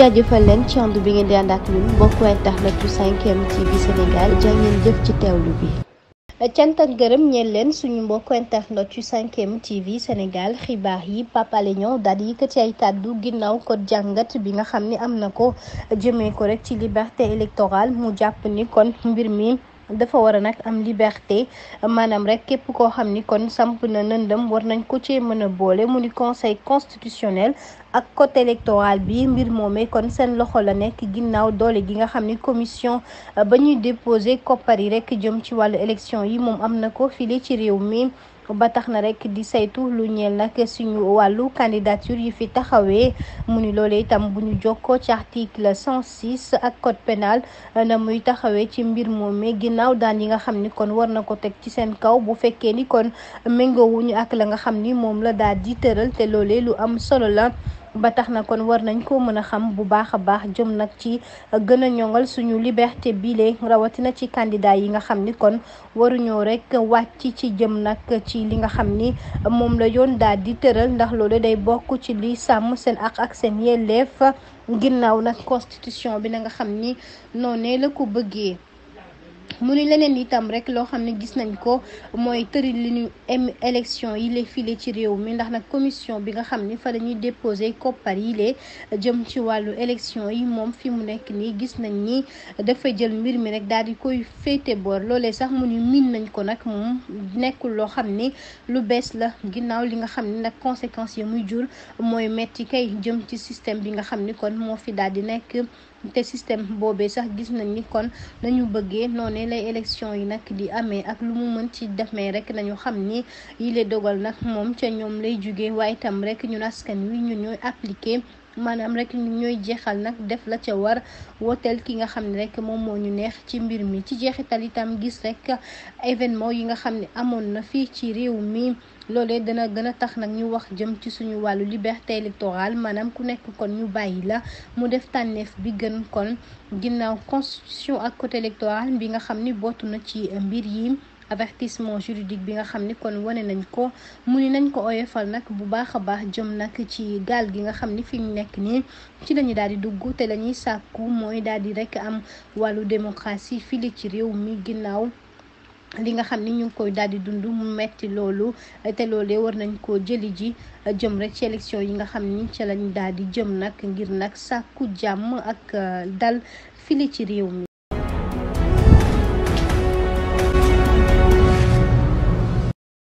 jaajëfal leen ci ànd bi ngi di ànd ak ñun mbokku internet bu 5M TV Sénégal jaa ngeen jëf ci teewlu bi. cant ak gërëm ñeel leen suñu mbokku internet yu 5M TV Sénégal xibaar yi Pape daal di yëkkati ay kàddu jàngat bi nga xam ni am na ko jëmee ko rek ci liberté électorale mu jàpp ni kon mbir mi. dafa war a nag am liberté maanaam rek képp koo xam ni kon samp na nëndam war nañ ko ci mën a boole mu ni conseil constitutionnel ak côté électoral bi mbir moomee kon seen loxo la nekk ginnaaw doole gi nga xam ni commission euh, ba ñuy déposé koppar yi rek jëm ci wàllu élection yi moom am na ko file ci réew mi ba tax na rek di saytu lu ñeel nag suñu wàllu candidature yi fi taxawee mu ni loolee itam bu ñu jokkoo ci article 106 ak code pénal euh, na muy taxawee ci mbir moomee ginnaaw daan yi nga xam ni kon war na ko teg ci seen kaw bu fekkee ni kon méngoowuñu ak la nga xam ni moom la daal di tëral te loolee lu am solo la ba tax na kon war nañ koo mën a xam bu baax a baax jëm nag ci uh, gën a ñoŋal suñu liberté bile rawatina ci candidat yi nga xam ni kon waruñoo rek wàcc ci jëm nag ci li nga xam ni moom la yoon daal di tëral ndax loolu day bokk ci li sàmm seen ak ak seen yelleef ginnaaw nag constitution bi na nga xam ni noonee la ko bëggee. mu ni leneen itam rek loo xam ne gis nañ ko mooy tëri li ñu élection yi lay file ci réew mi ndax nag commission bi nga xam ni fa lañuy déposé koppar yi lee jëm ci wàllu élection yi moom fi mu nekk nii gis nañ ni dafa jël mbir mi rek daal di koy féete boor loolee sax mu ni miin nañ ko nag moom nekkul loo xam ni lu bees la ginnaaw li nga xam ne nag conséquences yi muy jur mooy metti kay jëm ci système bi nga xam ni kon moo fi daal di nekk te système boobee sax gis nañ ni kon nañu bëggee noonee lay élection yi nag di amee ak lu mu mën ci demee rek nañu xam ni yile dogal nag moom ca ñoom lay jóge waaye itam rek ñun askan wi ñun ñooy appliqué maanaam rek ñu ñooy jeexal nag def la ca war wooteel ki nga xam ne rek moom moo ñu neex ci mbir mi ci jeexital itam gis rek événement yi nga xam ne amoon na fii ci réew mi loolee dana gën a tax nag ñu wax jëm ci suñu wàllu liberté électorale maanaam ku nekk kon ñu bàyyi la mu def tànneef bi gën kon ginnaaw constitution ak code électoral bi nga xam ni bootu na ci mbir yi avertissement juridique bi nga xam ni kon wane nañ ko mu ni nañ ko oyofal nag bu baax a baax jëm nag ci gaal gi nga xam ni fi ñu nekk nii ci lañu daal di dugg te la ñuy sàkku mooy daal di rek am wàllu démocratie fili ci réew mi ginnaaw li nga xam ni ñu ngi koy daal di dund mu metti loolu te loolee war nañ koo jëli ji jëm rek ci élection yi nga xam ni ca lañ daal di jëm nag ngir nag sàkku jàmm ak dal fili ci réew mi.